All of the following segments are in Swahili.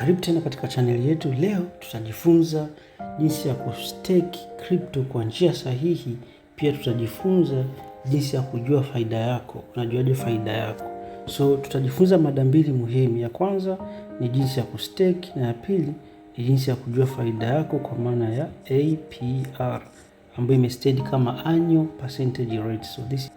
Karibu tena katika chaneli yetu. Leo tutajifunza jinsi ya kustake crypto kwa njia sahihi. Pia tutajifunza jinsi ya kujua faida yako. Unajuaje faida yako? So tutajifunza mada mbili muhimu. Ya kwanza ni jinsi ya kustake na ya pili ni jinsi ya kujua faida yako kwa maana ya APR ambayo imestedi kama annual percentage rate. So this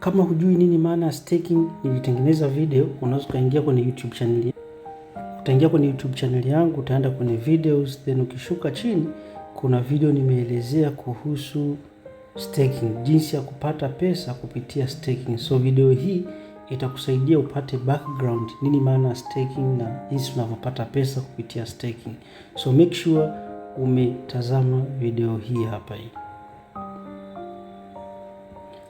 Kama hujui nini maana ya staking, nilitengeneza video, unaweza ukaingia kwenye YouTube channel. Utaingia kwenye YouTube channel yangu, utaenda kwenye videos, then ukishuka chini kuna video nimeelezea kuhusu staking, jinsi ya kupata pesa kupitia staking. So video hii itakusaidia upate background, nini maana staking na jinsi unavyopata pesa kupitia staking. So make sure umetazama video hii hapa hii.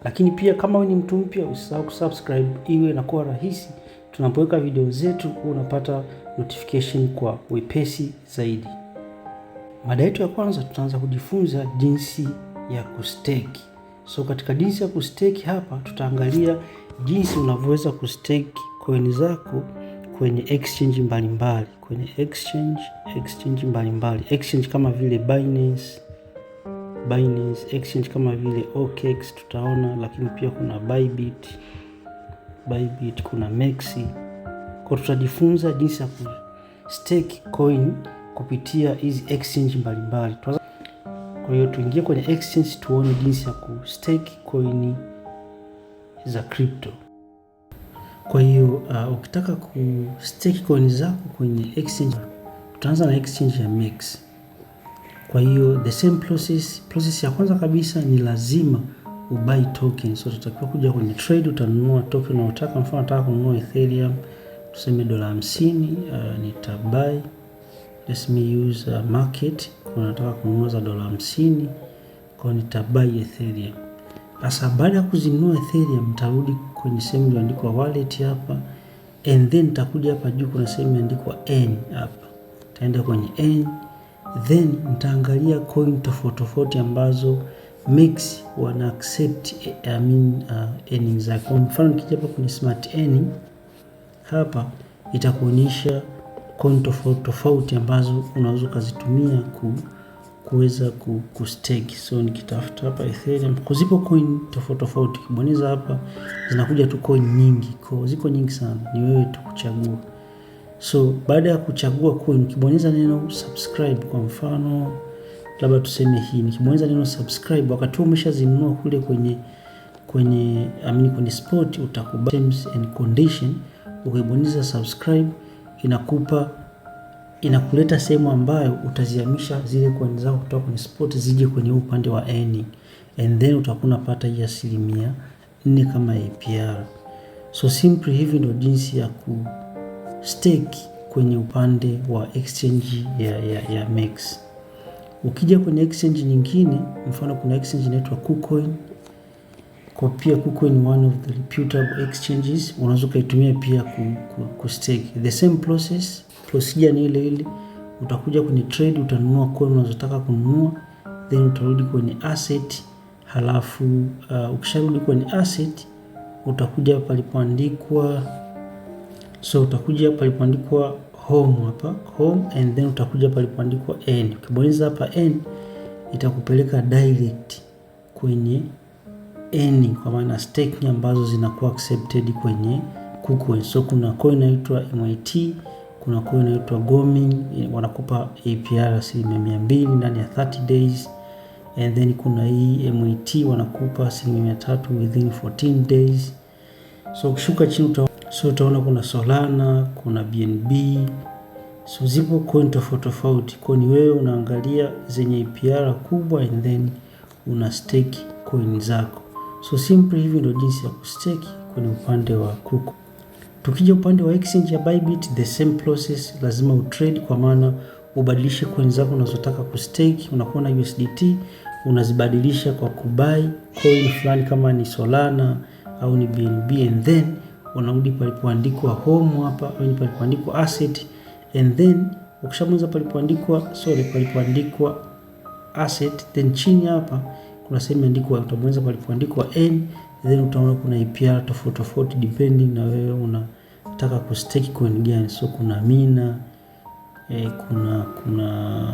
Lakini pia kama wewe ni mtu mpya, usisahau kusubscribe iwe inakuwa rahisi tunapoweka video zetu, unapata notification kwa wepesi zaidi. Mada yetu ya kwanza, tutaanza kujifunza jinsi ya kusteki So katika jinsi ya kusteki hapa, tutaangalia jinsi unavyoweza kusteki coin zako kwenye exchange mbalimbali Kwenye exchange exchange mbalimbali Exchange kama vile Binance Binance exchange kama vile OKX tutaona, lakini pia kuna Bybit, Bybit kuna Mexi. Kwa tutajifunza jinsi ya stake coin kupitia hizi exchange mbalimbali. Kwa hiyo tuingie kwenye exchange tuone jinsi ya stake coin za crypto. Kwa hiyo uh, ukitaka stake coin zako kwenye exchange, tutaanza na exchange ya Maxi. Kwa hiyo the same process, process ya kwanza kabisa ni lazima ubuy token. So tutakiwa kuja kwenye trade, utanunua token unayotaka. Mfano nataka kununua Ethereum tuseme dola 50, uh, nitabuy let me use uh, market. Kwa nataka kununua za dola 50, kwa nitabuy Ethereum. Sasa baada ya kuzinunua Ethereum nitarudi kwenye sehemu iliyoandikwa wallet hapa, and then nitakuja hapa juu kuna sehemu imeandikwa N hapa, taenda kwenye N, then nitaangalia coin tofauti tofauti ambazo mix wana accept I mean, uh, earnings zake. Kwa mfano nikija hapa kwenye smart earning hapa itakuonyesha coin tofauti tofauti ambazo unaweza ukazitumia ku kuweza stake. So nikitafuta hapa Ethereum, kuzipo coin tofauti tofauti, kibonyeza hapa zinakuja tu coin nyingi, kwa ziko nyingi sana, ni wewe tu kuchagua. So baada ya kuchagua kuu, nikibonyeza neno subscribe kwa mfano, labda tuseme hii, nikibonyeza neno subscribe, wakati umeshazinunua kule kwenye kwenye amini kwenye spot, utakubali terms and condition. Ukibonyeza subscribe, inakupa inakuleta sehemu ambayo utaziamisha zile coin zako kutoka kwenye spot zije kwenye upande wa earning, and then utakuwa unapata hii asilimia nne kama APR. So simply hivi ndio jinsi ya ku stake kwenye upande wa exchange ya, ya, ya MEX. Ukija kwenye exchange nyingine, mfano kuna exchange inaitwa KuCoin kwa pia KuCoin one of the reputable exchanges, unaweza ukaitumia pia ku, ku, ku stake. The same process, procedure ni ile ile. Utakuja kwenye trade, utanunua coin unazotaka kununua, then utarudi kwenye asset halafu uh, ukisharudi kwenye asset utakuja palipoandikwa So utakuja palipoandikwa home hapa home, and then utakuja palipoandikwa n. Ukibonyeza hapa n itakupeleka direct kwenye n, kwa maana stake ambazo zinakuwa accepted kwenye KuCoin. So kuna coin inaitwa MIT, kuna coin inaitwa Gomin, wanakupa APR asilimia mia mbili ndani ya 30 days, and then kuna hii MIT wanakupa asilimia mia tatu within 14 days. So ukishuka chini utaona so utaona kuna Solana, kuna BNB, so zipo coin tofauti tofauti. Kwa ni wewe unaangalia zenye APR kubwa and then una stake coin zako. So simple hivi ndio jinsi ya kustake kwenye upande wa Kuku. Tukija upande wa exchange ya Bybit, the same process, lazima utrade, kwa maana ubadilishe coin zako unazotaka kustake. Unakuwa na USDT unazibadilisha kwa kubai coin fulani, kama ni Solana au ni BNB and then unarudi palipoandikwa home hapa, au palipoandikwa asset and then ukishamaliza palipoandikwa sorry, palipoandikwa asset then chini hapa kuna sehemu imeandikwa, utabonyeza palipoandikwa n then utaona kuna APR tofauti tofauti depending na wewe unataka ku stake coin gani. So kuna Mina eh, kuna kuna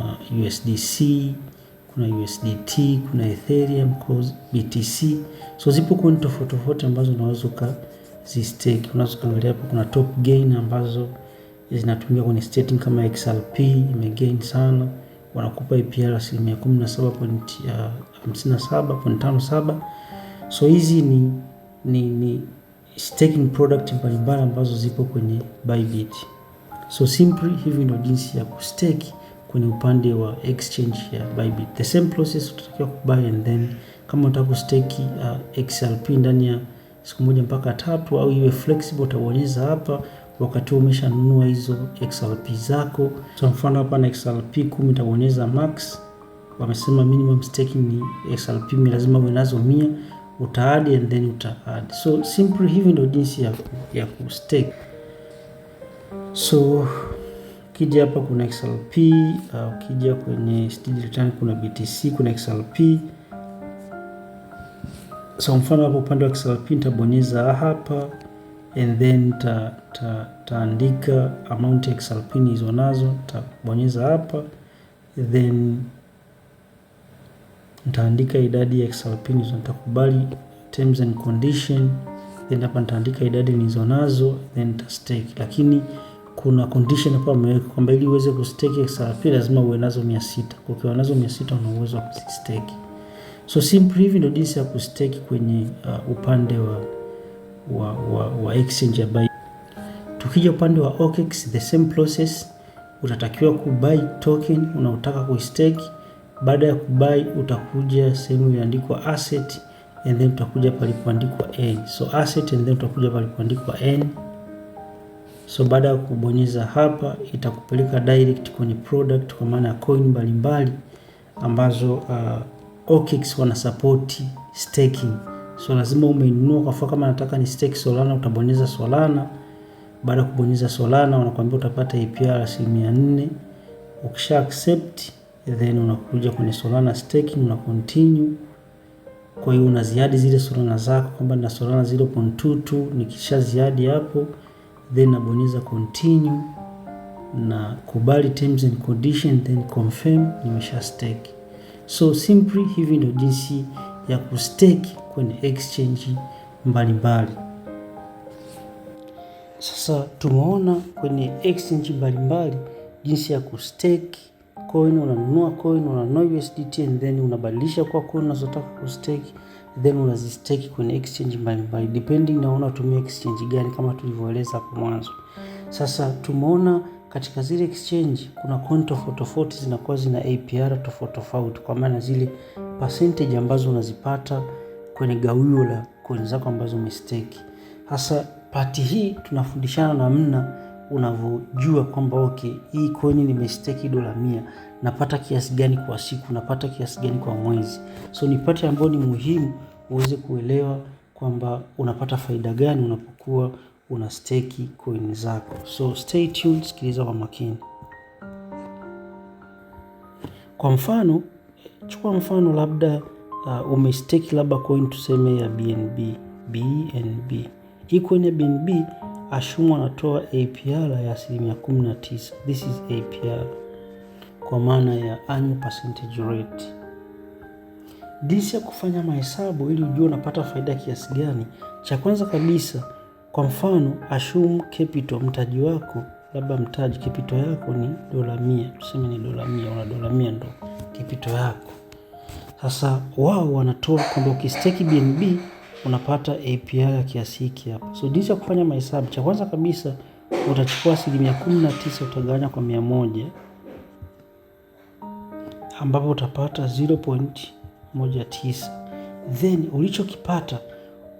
USDC kuna USDT kuna Ethereum, BTC. So zipo coin tofauti tofauti ambazo unaweza zistake. Unaweza kuangalia hapo, kuna top gain ambazo zinatumia kwenye staking kama XRP imegain sana, wanakupa APR e asilimia 17.57. Uh, so hizi ni, ni, ni staking product mbalimbali ambazo zipo kwenye Bybit. So simply hivi ndio jinsi ya kustake kwenye upande wa exchange ya Bybit. The same process utatakiwa kubuy and then kama unataka kustake uh, XRP ndani ya siku moja mpaka tatu, au iwe flexible, utabonyeza hapa wakati umeshanunua hizo XRP zako. Kwa mfano hapa na XRP 10 utabonyeza max, wamesema minimum stake ni XRP 100, lazima uwe nazo 100, uta add and then uta add. So simple, hivi ndio jinsi ya ku, ya ku stake. So kija hapa kuna XRP, uh, ukija kwenye stage return kuna BTC, kuna XRP So mfano hapo upande wa XRP nitabonyeza hapa and then nitaandika ta, ta, amount ya XRP hizo nazo nitabonyeza hapa then nitaandika idadi ya XRP hizo, nitakubali terms and condition then hapa nitaandika idadi nilizo nazo then ta stake. lakini kuna condition hapa ameweka kwamba ili uweze kustake XRP lazima uwe nazo 600. Kwa hiyo ukiwa nazo 600 una uwezo wa kustake. So simply hivi ndio jinsi ya kustake kwenye uh, upande wa, wa, wa, wa exchange ya buy. Tukija upande wa OKEX, the same process, utatakiwa kubuy token unaotaka kuistake. Baada ya kubuy utakuja sehemu iliyoandikwa asset and then utakuja palipoandikwa n. So asset and then utakuja palipoandikwa n. So baada ya kubonyeza hapa itakupeleka direct kwenye product, kwa maana ya coin mbalimbali ambazo uh, OKX support staking, so lazima umeinunua kafua. Kama nataka ni stake Solana, utabonyeza Solana. Baada ya kubonyeza Solana, wanakuambia utapata APR 400. Ukisha accept then unakuja kwenye Solana staking una continue. Kwa hiyo una ziadi zile Solana zako kwamba na Solana 0.22 nikisha ziadi hapo, then nabonyeza continue na kubali terms and condition, then confirm, nimesha stake. So simply hivi ndio jinsi ya kustake kwenye exchange mbalimbali mbali. Sasa tumeona kwenye exchange mbalimbali jinsi ya kustake coin, unanunua coin, unanunua USDT and then unabadilisha kwa coin unazotaka kustake then unazistake kwenye exchange mbalimbali depending na unatumia exchange gani kama tulivyoeleza hapo mwanzo. Sasa tumeona katika zile exchange kuna coin tofauti tofauti zinakuwa zina APR tofauti tofauti, kwa maana zile percentage ambazo unazipata kwenye gawio la coin zako ambazo umestake. Hasa pati hii tunafundishana namna unavyojua kwamba okay, hii coin nimestake dola mia, napata kiasi gani kwa siku, napata kiasi gani kwa mwezi. So ni pati ambayo ni muhimu uweze kuelewa kwamba unapata faida gani unapokuwa una steki coin zako. So stay tuned, sikiliza kwa makini. Kwa mfano, chukua mfano labda uh, umestake labda coin tuseme ya BNB, BNB. Hii coin ya BNB ashumu anatoa APR ya asilimia 19. This is APR kwa maana ya annual percentage rate. Jinsi ya kufanya mahesabu ili ujue unapata faida kiasi gani, cha kwanza kabisa kwa mfano assume capital, mtaji wako labda mtaji capital yako ni dola mia, tuseme ni dola mia, una dola mia ndo capital yako. Sasa wao wanatoa kwamba ukistake BNB unapata APR ya kiasi hiki hapa. So jinsi ya kufanya mahesabu, cha kwanza kabisa utachukua asilimia kumi na tisa utagawanya kwa mia moja ambapo utapata 0.19 then ulichokipata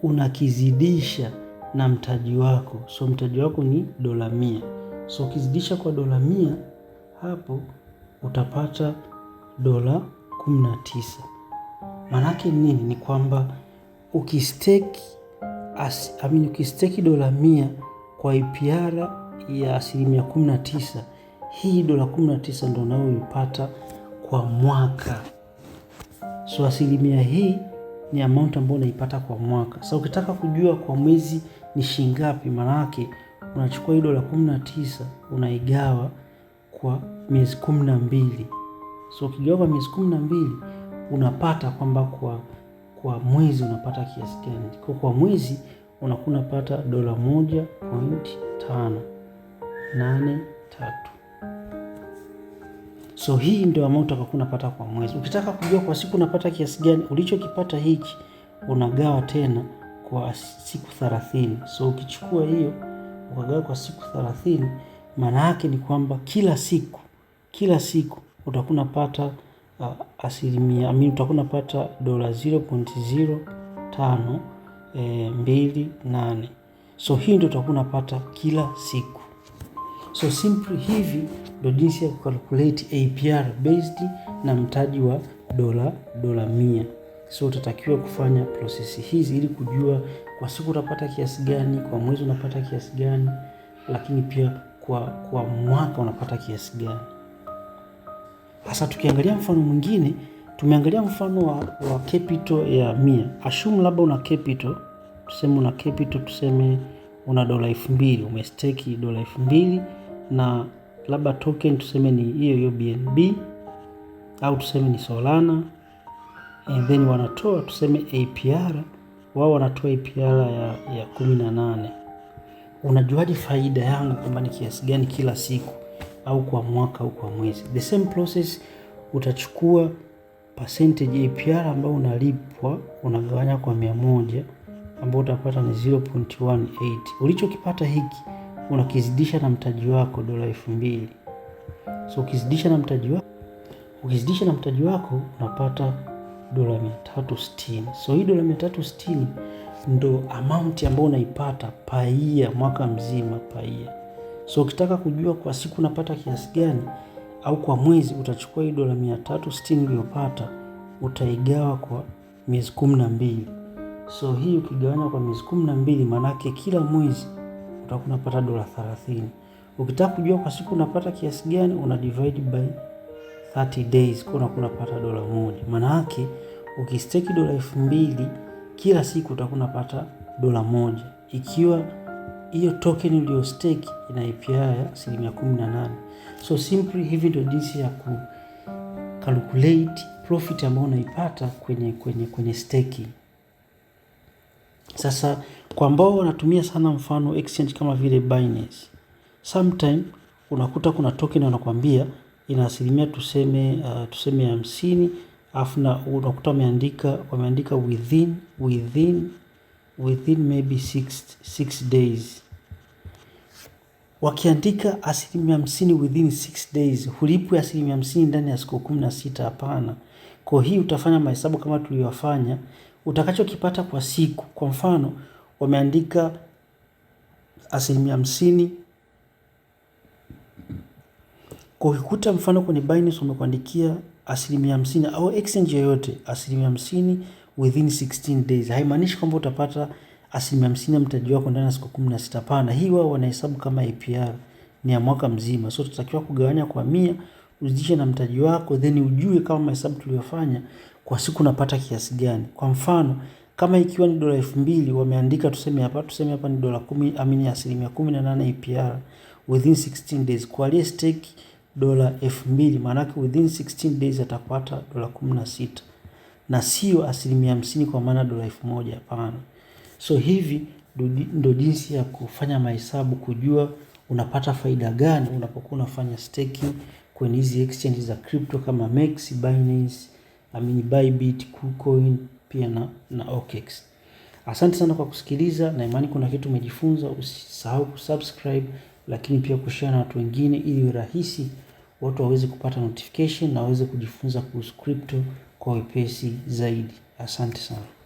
unakizidisha na mtaji wako. So mtaji wako ni dola mia. So ukizidisha kwa dola mia hapo utapata dola kumi na tisa. Maanake nini? Ni kwamba ukisteki as, ukisteki dola mia kwa ipiara ya asilimia kumi na tisa, hii dola kumi na tisa ndo unayoipata kwa mwaka. So asilimia hii ni amount ambayo unaipata kwa mwaka. Sasa ukitaka kujua kwa mwezi ni shilingi ngapi, maana yake unachukua hii dola kumi na tisa unaigawa kwa miezi kumi na mbili. So ukigawa kwa miezi kumi na mbili unapata kwamba kwa, kwa mwezi unapata kiasi gani. Kwa, kwa mwezi unakuwa unapata dola moja point tatu. So hii ndio amount utakuwa unapata kwa mwezi. Ukitaka kujua kwa siku unapata kiasi gani, ulichokipata hiki unagawa tena kwa siku 30. So ukichukua hiyo ukagawa kwa siku 30, maana yake ni kwamba kila siku kila siku utakuwa unapata uh, asilimia amini, utakuwa unapata dola 0.05 eh, So hii ndio utakuwa unapata kila siku. So simply hivi ndo jinsi ya kucalculate APR based na mtaji wa dola dola mia. So utatakiwa kufanya prosesi hizi ili kujua kwa siku utapata kiasi gani, kwa mwezi unapata kiasi gani, lakini pia kwa, kwa mwaka unapata kiasi gani. Sasa tukiangalia mfano mwingine, tumeangalia mfano wa, wa capital ya mia. Assume labda una capital, tuseme una capital, tuseme una dola elfu mbili umesteki dola elfu mbili na labda token tuseme ni hiyo hiyo BNB au tuseme ni Solana, and then wanatoa tuseme APR, wao wanatoa APR ya, ya 18. Unajuaje faida yangu kwamba ni kiasi gani kila siku au kwa mwaka au kwa mwezi? The same process, utachukua percentage APR ambayo unalipwa unagawanya kwa mia moja, ambao utapata ni 0.18. Ulichokipata hiki unakizidisha na mtaji wako dola elfu mbili. So ukizidisha na mtaji wako ukizidisha na mtaji wako unapata dola 360 So hii dola mia ndo amount ambayo unaipata paia mwaka mzima paia. So ukitaka kujua kwa siku unapata kiasi gani au kwa mwezi, utachukua hii dola 360 uliyopata utaigawa kwa miezi 12 So hii ukigawanya kwa miezi 12 na maanake kila mwezi utakuwa unapata dola 30. Ukitaka kujua kwa siku unapata kiasi gani, una divide by 30 days, kwa unakuwa unapata dola moja. Maana yake ukistake dola 2000 kila siku utakuwa unapata dola moja ikiwa hiyo token stake ina APR ya asilimia 18. So simply hivi ndio jinsi ya ku calculate profit ambayo unaipata kwenye, kwenye, kwenye staking. Sasa kwa ambao wanatumia sana mfano exchange kama vile Binance. Sometime unakuta kuna token wanakwambia ina asilimia tuseme uh, tuseme hamsini afu na unakuta wameandika wameandika within within within maybe six, six days. Wakiandika asilimia hamsini within six days, hulipwe asilimia hamsini ndani ya siku kumi na sita. Hapana. Kwa hii utafanya mahesabu kama tuliyofanya, utakachokipata kwa siku, kwa mfano wameandika asilimia hamsini. Kwa ukikuta mfano kwenye Binance wamekuandikia asilimia hamsini au exchange yoyote asilimia hamsini within 16 days, haimaanishi kwamba utapata asilimia hamsini ya mtaji wako ndani ya siku kumi na sita. Hapana, hii wao wanahesabu kama APR ni ya mwaka mzima, so tutakiwa kugawanya kwa mia uzidishe na mtaji wako then ujue kama mahesabu tuliyofanya kwa siku unapata kiasi gani. Kwa mfano kama ikiwa ni dola elfu mbili wameandika tuseme hapa tuseme hapa ni dola kumi amini asilimia kumi na nane APR e within 16 days. Kwa aliye stake dola elfu mbili maanake within 16 days atapata dola kumi na sita na sio asilimia hamsini kwa maana dola elfu moja hapana. So hivi ndo jinsi ya kufanya mahesabu, kujua unapata faida gani unapokuwa unafanya staking kwenye hizi exchange za crypto kama Mex, Binance, amini Bybit, KuCoin pia na, na OKEX. Asante sana kwa kusikiliza na imani kuna kitu umejifunza. Usisahau kusubscribe, lakini pia kushare na watu wengine, ili rahisi watu waweze kupata notification na waweze kujifunza kuhusu crypto kwa wepesi zaidi. Asante sana.